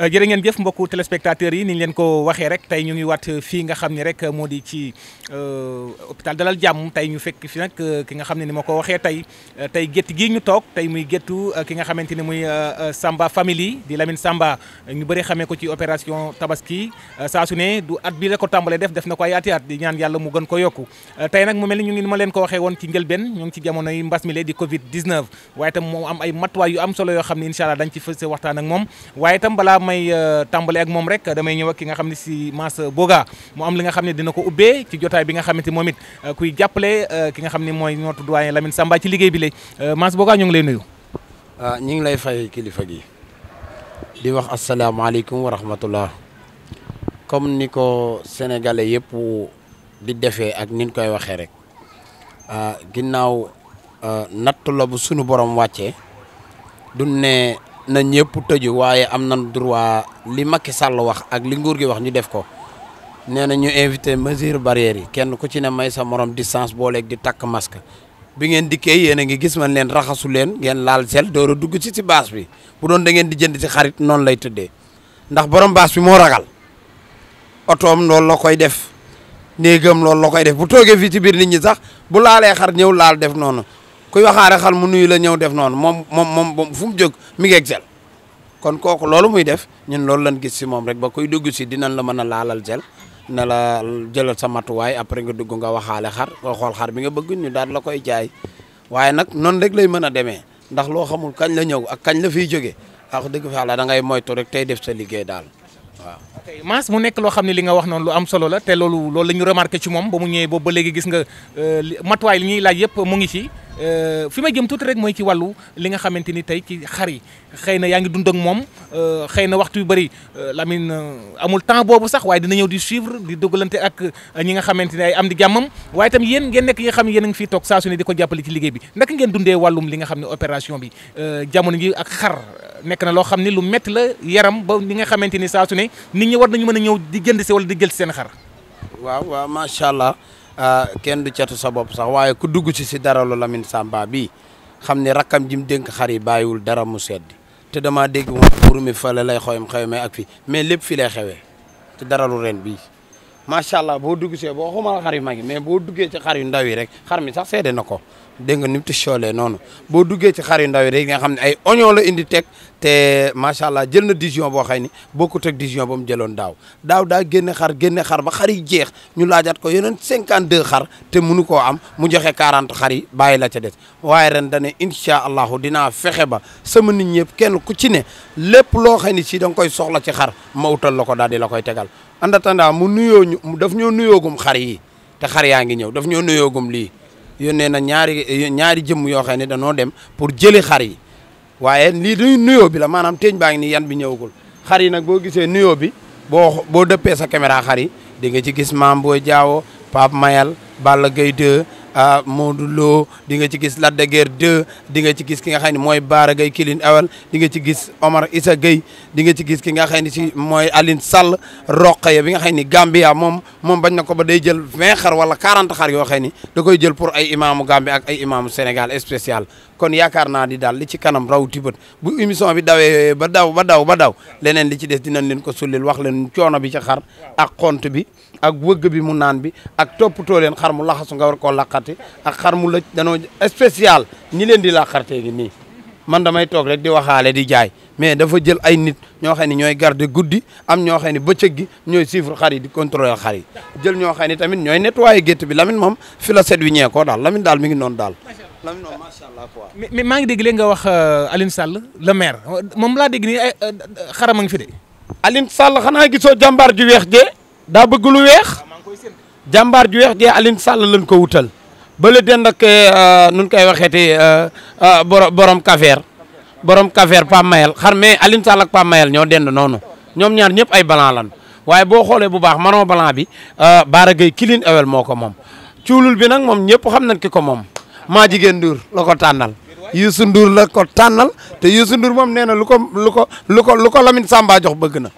Euh, jërë ngeen jëf mbokku téléspectateurs yi ni ñu leen ko waxee rek tey ñu ngi waat fii nga xam ni rek moo di ci euh, hôpital Dalal Jàmm tey ñu fekk fi nag euh, ki nga xam ne ni ma ko waxee tey tey gétt gii ñu toog tey muy géttu ki nga xamante ni muy Samba famille di Lamine Samba ñu bëri xamee ko ci opération tabaski saa su ne du at bi la ko tàmbalee def def na ko ay at di ñaan yàlla mu gën ko yokku tey nag mu mel ni ñu ngi ni leen ko waxee woon ci njëlbeen ñu ngi ci jamonoy mbas mi di Covid 19 waaye itam moo am ay matuwaay yu am solo yoo xam ne incha allah dañ ci fës waxtaan ak moom damay euh, tàmbale ak moom rek damay ñëw ki nga xam ne si Mass Boga moo am li nga xam ne dina ko ubbee ci jotaay bi nga xamante moom it euh, kuy jàppale euh, ki nga xam ni mooy notre doyen Lamine Samba ci liggéey bi la Mass Boga ñu ngi lay nuyu. ah ñu ngi lay fay kilifa gi di wax asalaamaaleykum wa rahmatullah comme ni ko sénégalais yëpp di defee ak nin koy waxee rek ah, ginnaaw natt la bu sunu borom wàccee du na ñëpp tëju waaye am nañ droit li Macky Sall wax ak li nguur gi wax ñu def ko nee na ñu invité mesure barrière yi kenn ku ci ne may sa morom distance booleeg di takk mask bi ngeen di yéen a ngi gis man leen raxasu leen ngeen laal sel door a dugg ci si baas bi bu doon da di jënd ci xarit noonu lay tëddee ndax borom baas bi moo ragal otoom loolu la koy def néegam loolu la koy def bu toogee fii ci biir nit ñi sax bu laalee xar ñëw laal def noonu kuy waxaare xal mu nuyu la ñëw def noonu moom moom moom fu mu jóg mi ngi kon kooku loolu muy def ñun loolu lan gis si moom rek ba koy dugg si dinañ la mën a laalal gel na la jëlal sa matuwaay après nga dugg nga waxaale xar nga xool xar bi nga bëgg ñu daal la koy jaay waaye nag noonu rek lay mën a demee ndax loo xamul kañ la ñëw ak kañ la fiy jógee wax dëgg fa yàlla da ngay moytu tey def sa liggéey daal waaw. ok Mass mu nekk loo xam ne li nga wax noonu lu am solo la te loolu loolu la ñu remarqué ci moom ba mu ñëwee boobu ba léegi gis nga euh, matuwaay li ñuy laaj yëpp mu ngi si Euh, fi ma jëm tuuti rek mooy ci wàllu li nga xamante ni tey ci xar yi xëy na yaa ngi dund ak moom euh, xëy na waxtu yu bëri euh, Lamine amul temps boobu sax waaye dina ñëw di suivre di dugalante ak ñi nga xamante ne ay am di jàmmam waaye tam yéen ngeen nekk yi nga xam ne yéen a ngi fi toog saa su ne di ko jàppale ci liggéey bi naka ngeen dundee wàllum li nga xam ne opération bi jamono ji ak xar nekk na loo xam ne lu metti la yaram ba li nga xamante ni saa su ne nit ñi war nañu mën a ñëw di jënd si di jël seen xar waaw waaw macha Ah, kenn du catu sa bopp sax waaye ku dugg ci si dara lu Lamine Samba bi xam ne rakkam jim dénk xar yi bàyyiwul dara mu seddi te damaa dégg moom pour mi fële lay xoyam xewme ak fi mais lépp fi lay xewee te dara lu ren bii macha allah boo dugg see boo xuma xar yu mag yi mais boo duggee ci xar yu ndaw yi rek xar mi sax seede na ko dégg nga ni mu ti soolee noonu boo duggee ci xar yu ndaw yi nga xam ne ay oignon la indi teg te macha allah jël na décision boo xay ni bokkut ak décision ba mu jëloon daaw daaw daa génne xar génne xar ba xar jeex ñu laajaat ko yeneen 52 xar te munu koo am mu joxe 40 xar yi bàyyi la ca des waaye ren dane incha allahu dinaa fexe ba sama nit ñëpp kenn ku cine ne lépp loo xay ni si da nga koy soxla ci xar ma utal la ko daal di la koy tegal en attendant mu nuyoo ñu daf ñoo nuyoogum xar yi te xar yaa ngi ñëw daf ñoo nuyoogum lii yónnee na ñaari ñaari jëmm yoo xam ne danoo dem pour jëli xar yi waaye lii du nuyoo bi la maanaam teeñ baa ngi ni yan bi ñëwagul xar yi nag boo gisee nuyoo bi boo boo dëppee sa caméra xar yi di nga ci gis maam booy jaawo Pape Mayal Balla Gaye ah Modou Lo di nga ci gis Lac de Guiers 2 di nga ci gis ki nga xam ne mooy Baara Gueye Kilin Awal di nga ci gis Omar Issa Gueye di nga ci gis ki nga xam ne si mooy Aline Sall Roqaya bi nga xam ne Gambia moom moom bañ na ko ba day jël 20 xar wala 40 xar yoo xam ne da koy jël pour ay imaamu Gambie ak ay imaamu Sénégal spécial kon yaakaar naa ni daal li ci kanam rawti bët bu émission bi dawee ba daw ba daw ba daw leneen li ci des dinañ leen ko sullil wax leen coono bi ci xar ak xont bi bi mu naan bi ak toppatoo leen laaxati ak xar mu lëj danoo spécial ñi leen di laaxartee gi nii man damay toog rek di waxaale di jaay mais dafa jël ay nit ñoo xam ñooy garder guddi am ñoo xam ne bëccëg gi ñooy chiffre xar yi di contrôler xar yi jël ñoo xam ne tamit ñooy nettoyer gétt bi Lamine moom fi la set wi ñee koo daal Lamine daal mi ngi noonu daal Lamine moom macha allah quoi mais maa ngi dégg léegi nga wax euh, Alioune Sall le maire moom laa dégg nii ay euh, xaram a ngi fi de Alioune Sall xanaa gisoo jàmbaar ju weex jee ko wutal bële dend ak euh, nu koy waxeeti euh, euh, borom borom Kafeer borom Kafeer Pape Mayel xar mais Alioune Sall ak Mayel ñoo dend noonu ñoom ñaar ñëpp ay balan lan waaye boo xoolee bu baax manoo balan bi Baara Gueye Kilin Awel moo ko moom. cuulul bi nag moom ñëpp xam nañ ki ko moom maa jigéen Ndour la ko tànnal Youssou nduur la ko tànnal te Youssou Ndour moom nee na lu ko lu ko lu ko lu ko Lamine Samba jox bëgg na.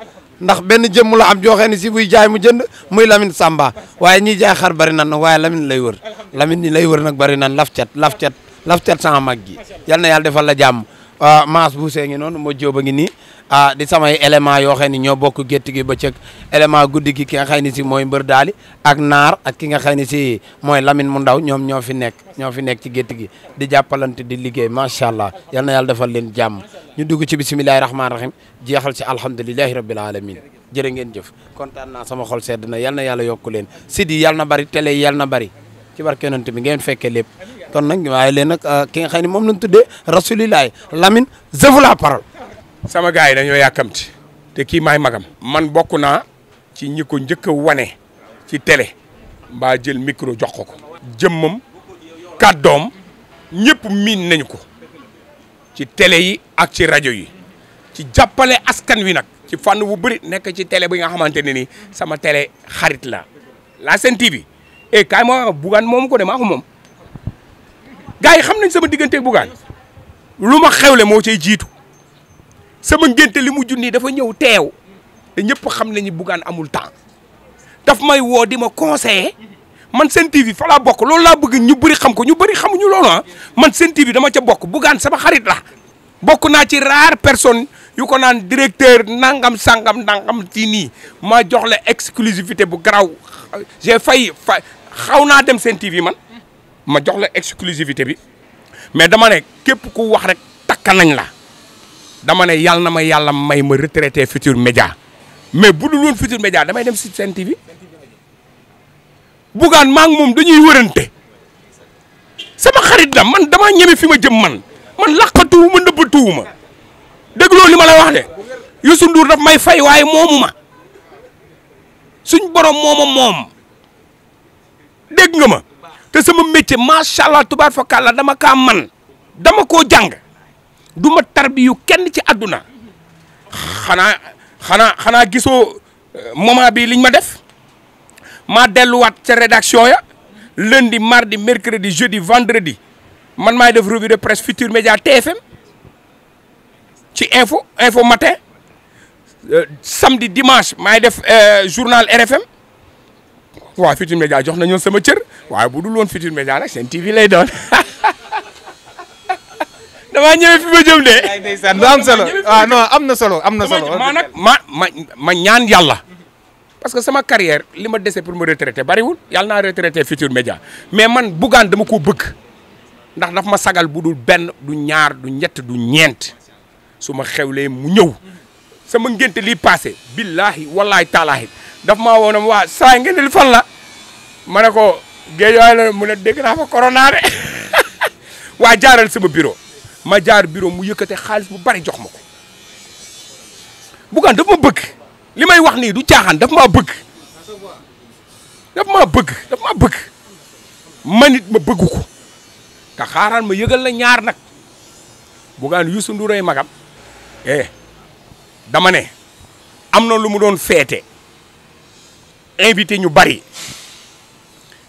ndax benn jëmm la am joxe ni si buy jaay mu jënd muy Lamine Samba waaye ñiy jaay xar bari nan nag waaye Lamine lay wër Lamine ni lay wër nag bari nan laf cet laf cet laf cet sama mag gi yal na yàlla defal la jàmm ah, bu see ngi noonu moo jóoba ngi nii a ah, di samay élément yoo xam ni ñoo bokk gétt gi bëccëg élément guddi gi ki nga xam si mooy mbër daali ak naar ak ki nga xam ne si mooy Lamine mu ndaw ñoom ñoo fi nekk ñoo fi nekk ci gétt gi di jàppalante di liggéey macha allah yal na yàlla defal leen jàmm ñu dugg ci bisimilahi rahmaani rahim jeexal ci alhamdulilahi rabbil alamin jërë ngeen jëf kontaan naa sama xol sedd na yal na yàlla yokk leen si di yal na bari télé yal na bari ci barke yonent bi ngeen fekkee lépp kon nag ah, ki nga xam ne moom lañ tuddee rasulilahi sama gars yi dañoo yàkkamti te kii maay magam. man bokk naa ci ñi ko njëkk a wane ci tele ba jël micro jox ko ko. jëmmam kàddoom ñëpp miin nañu ko ci tele yi ak ci rajo yi ci jàppale askan wi nag ci fànn wu bëri nekk ci télé bi nga xamante ne ni sama tele xarit la la Sen TV e kaay ma wax Bougane ko de maa moom gars yi xam nañ sama diggante Bougane lu ma xewle moo cay jiitu. sama ngénte li mu junni dafa ñëw teew te ñëpp xam nañu Bougane amul temps dafa may woo di ma conseiller man Sen TV fa laa bokk loolu laa bëgg ñu bëri xam ko ñu bëri xamuñu loolu ah man Sen TV dama ca bokk Bougane sama xarit la bokk naa ci rare personne yu ko naan directeur nangam sangam nangam ci nii ma jox la exclusivité bu garaw j'ai fay fa xaw naa dem Sen TV man ma jox la exclusivité bi mais dama ne képp ku wax rek takka nañ la dama ne yàlla na ma yàlla may ma retraité Futur Média mais bu dul woon Futur Média damay dem si Sen TV Bougane maa moom dañuy wërante sama xarit la man damaa ñeme fi ma jëm man man laqatuwu ma nëbbatuwu ma dégloo li ma la wax de Youssou Ndour daf may fay waaye moomu ma suñ borom mooma moom dégg nga ma te sama métier macha allah tubaar fakàlla dama kaa man dama koo jàng. du ma tarbiyu kenn ci àdduna xanaa xanaa xanaa gisoo euh, moment bi liñ ma def ma delluwaat ca rédaction ya lundi mardi mercredi jeudi vendredi man maay def revue de presse Futur Média TFM ci info info matin euh, samedi dimanche maay def euh, journal RFM wa Futur Média jox na nañu sama cër waaye bu dul woon Futur Média nag seen TV lay doon. damaa ma ah, am na solo am na solo. ma ma ñaan yàlla. parce que sama carrière li ma dese pour ma retraité bariwul yàlla naa retraité Futur Média mais man Bougane dama ko bëgg ndax daf ma sagal bu dul benn du ñaar du ñett du ñeent su ma xewlee mu ñëw sama ngénte li passé billahi wallahi taalaahi daf maa woonam waa saa ngeen fan ma ne ko géej waay mu ne dégg naa fa corona de waa jaaral sama bureau ma jaar bureau mu yëkkate xaalis bu bari jox ma ko Bougane daf ma bëgg li may wax nii du caaxaan daf maa bëgg daf maa bëgg daf ma bëgg ko te ma yëgal la ñaar nag Bougane Youssou Ndour ay magam eh dama ne am na lu mu doon feete invité ñu bari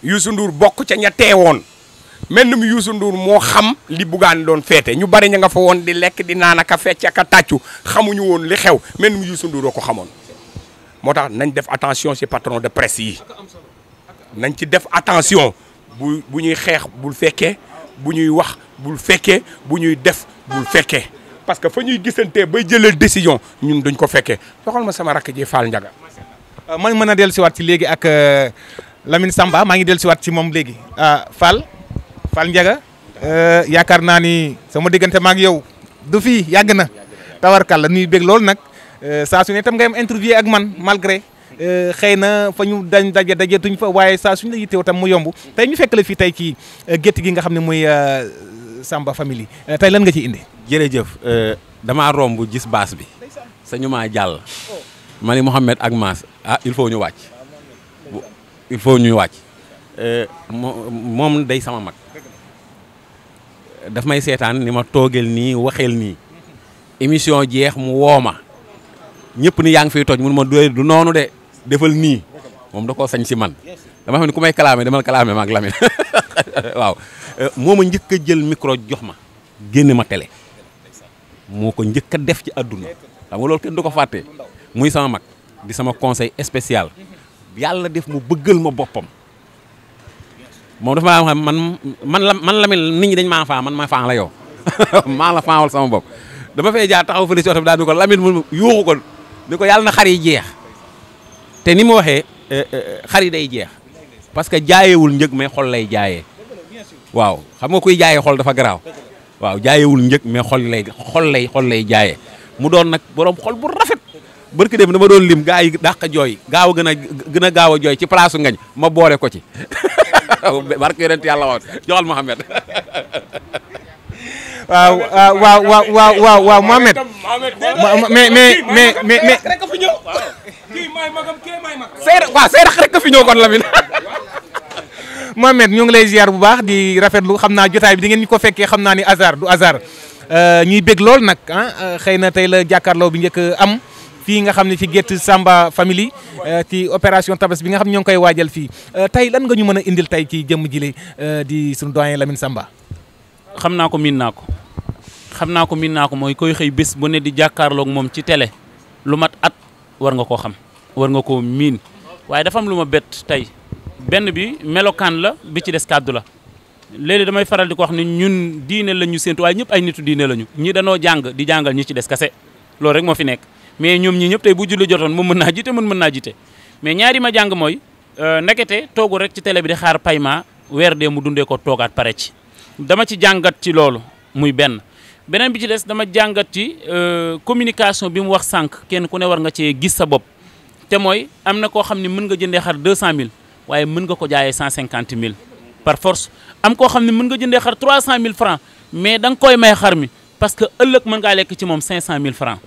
Youssou Ndour bokk ca ña teewoon menn ni mu Youssou Ndour moo xam li Bougane doon feete ñu bari ña nga fa woon di lekk di naan ak a fecc ak a tàccu xamuñu woon li xew mel ni mu Youssou Ndour ko xamoon moo tax nañ def attention ci patron de presse yi nañ ci def attention bu bu ñuy xeex bul fekkee bu ñuy wax bul fekkee bu ñuy def bul fekkee parce que foo ñuy gisantee ba jëlal décision ñun duñ ko fekkee doxal ma sama rakk ji Fall Ndiaga euh, man mën a dellusiwaat ci léegi ak euh, Lamine Samba maa ngi dellusiwaat ci moom léegi euh, Fall Fall Ndiaga euh, yaakaar naa ni sama diggante maak yow du fii yàgg na tawar la ni bég loolu nag euh, saa su ne nga ngay am interview ak man malgré euh, xëy na fa ñu dañ daje daje tuñ fa waaye saa suñ la yitteew tam mu yomb tey ñu fekk la fii tey ci gétt gi nga xam ne muy Samba famille tey lan nga ci indi. jërëjëf damaa romb gis baas bi sañu maa jàll oh. ma ni ak Maas ah il faut ñu wàcc il faut ñu wàcc. Euh, moom day sama mag daf may seetaan ni ma toogeel nii waxeel nii émission jeex mu woo ma ñëpp ni yaa ngi fiy toj mun ma doy du noonu de defal nii moom da koo sañ si man dama xam ne ku may kalaame dama kalaame maag Lamine waaw euh, moo ma njëkk a jël mikro jox ma génne ma télé moo ko njëkk a def ci àdduna xam loolu kenn du ko fàtte muy sama mag di sama conseil spécial yàlla def mu bëggal ma boppam moom dafa maa man man la man la mel ñi dañ maa faa man ma faa la yow maa la faawal sama bopp dama fay jaar taxaw fële si oto bi daal ko Lamine mu yuuxu ko ni yàlla na xar yi jeex te ni mu waxee eh, eh, xar yi day jeex parce que jaayewul njëg mais xol lay jaayee waaw xam nga kuy jaayee xol dafa garaaw waaw jaayewul njëg mais xol lay xol lay xol lay jaayee mu doon nag boroom xol bu rafet barki dem dama doon lim gaa yi dàq jooy gaaw a gën a gën a jooy ci place ngañ ma boole ko ci barke yonent yàlla waaw joxal Mouhamed waaw waaw waaw waaw waaw waaw Mohamed. mais mais kon Lamine. Mohamed ñu ngi lay ziar bu baax di rafet lu xam naa jotaay bi di ngeen ñu ko fekkee xam naa ni hasard du hasard euh, ñuy bég lool nag ah na tey la jàkkaarloo bi njëkk am. fii nga xam ne fi Gett sàmba famille euh, ci opération tabas bi nga xam ñoo ngi koy waajal fii euh, tey lan nga ñu mën a indil tey ci jëmm jile euh, di sunu doyen Lamine Samba. xam naa ko miin naa ko xam naa ko miin naa ko mooy koy xëy bés bu ne di jàkkaarloog moom ci télé lu mat at war nga koo xam war nga ko miin waaye dafam lu ma bett tey benn bi melokaan la bi ci des kàddu la. léeg-léeg damay faral di ko wax ne ñun diine la ñu séntu waaye ñëpp ay nitu diine la ñu ñi danoo jàng di jàngal ñi ci des kase loolu rek moo fi nekk mais ñoom ñi ñëpp tey bu julli jotoon moom mën naa jite mën mën naa jite mais ñaari ma jàng mooy euh, ndekete toogu rek ci télé bi di xaar paiement weer de mu dundee ko toogaat pare ci dama ci jàngat ci loolu muy benn beneen bi ci des dama jàngat ci euh, communication bi mu wax sànq kenn ku ne war nga cee gis sa bopp te mooy am na koo xam ne mën nga jëndee xar 200000 waaye mën nga ko jaayee 150000 par force am koo xam ne mën nga jëndee xar 300000 francs mais da nga koy may xar mi parce que ëllëg mën ngaa lekk ci moom 500000 francs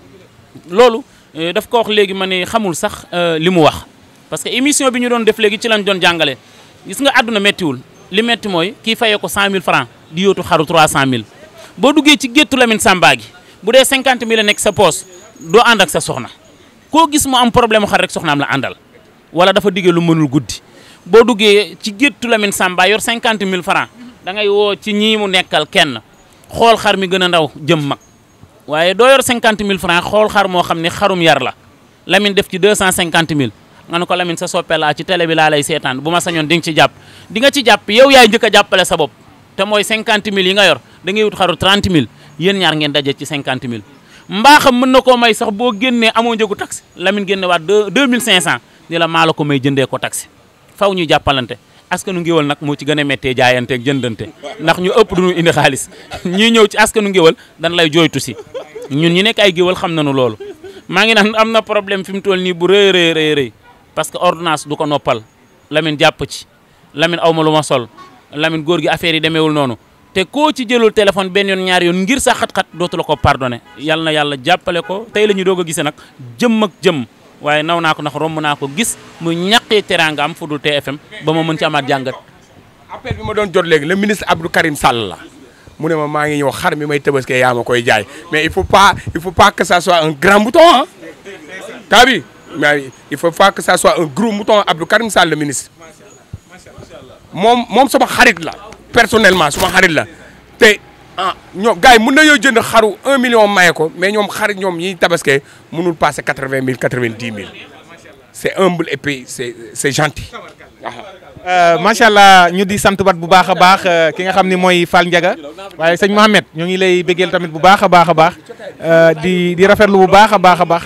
loolu euh, daf ko wax léegi ma ne xamul sax euh, li mu wax parce que émission bi ñu doon def léegi ci lañ doon jàngale gis nga àdduna méttiwul li métti mooy kii fayee ko 100000 francs di yóotu xaru 300000 boo duggee ci géttu Lamine Samba gi bu dee 50000 la nekk sa poos doo ànd ak sa soxna koo gis mu am problème xar rek soxnaam la àndal wala dafa diggee lu mënul guddi boo duggee ci géttu Lamine Samba yor 50000 francs da ngay woo ci ñii mu nekkal kenn xool xar mi gën a ndaw jëm mag. waaye doo yor cinquante mille franc xool xar moo xam ne xarum yar la Lamine def ci deux cent cinquante mille nga ne ko Lamine sa soppe laa ci télé bi laa lay seetaan bu ma sañoon di nga ci jàpp di nga ci jàpp yow yaay njëkk a jàppale sa bopp te mooy cinquante mille yi nga yor dangay ngay wut xaru mille yéen ñaar ngeen daje ci cinquante mille mbaaxam mën na koo may sax boo génnee amoo njëgu taxi Lamine génne waat deux mille cinq cent ni la maa la ko may jëndee ko taxi faw ñu jàppalante askanu ngiwal nag moo ci gën a méttee jaayanteeg jëndante ndax ñu ëpp duñu indi xaalis ñii ñëw ci askanu ngiwal dan lay jooytu si ñun ñu nekk ay géwal xam na nu loolu maa ngi naan am na problème fi mu toll nii bu rëy rëy rëy parce que ordinance du ko noppal Lamine jàpp ci Lamine awma lu ma sol Lamine góor gi affaire yi demeewul noonu te koo ci jëlul téléphone benn yoon ñaari yoon ngir sa xat-xat dootu la ko pardonné yàlla na yàlla jàppale ko tey la ñu doog a gisee nag jëm ak jëm waaye naw naa ko ndax romb naa ko gis mu ñaqee teraanga am fu dul TFM ba ma mën ci amaat jàngat. appel ma doon jot léegi la ministre Abdou Karim Sall la mu ne ma maa ngi ñëw xar mi may tëbaskee yaa ma koy jaay mais il faut pas il faut pas que ça soit un grand mouton ah. mais il faut pas que ça soit un gros mouton Abdou Karim Sall le ministre moom moom sama xarit la personnellement suma xarit la ah ñoom gars yi mën nañoo jënd xaru un million maye ko mais ñoom xar ñoom ñiy tabaskee mënul passé quatre vingt mille quatre vingt dix mille c' est humble et puis c' est c' euh, macha allah ñu di sant bat bu baax a baax euh, ki nga xam ni mooy Fall Ndiaga waaye sëñ Mohamed ñoo ngi lay béggeel tamit bu baax a baax a baax euh, di di rafetlu bu baax a baax a baax.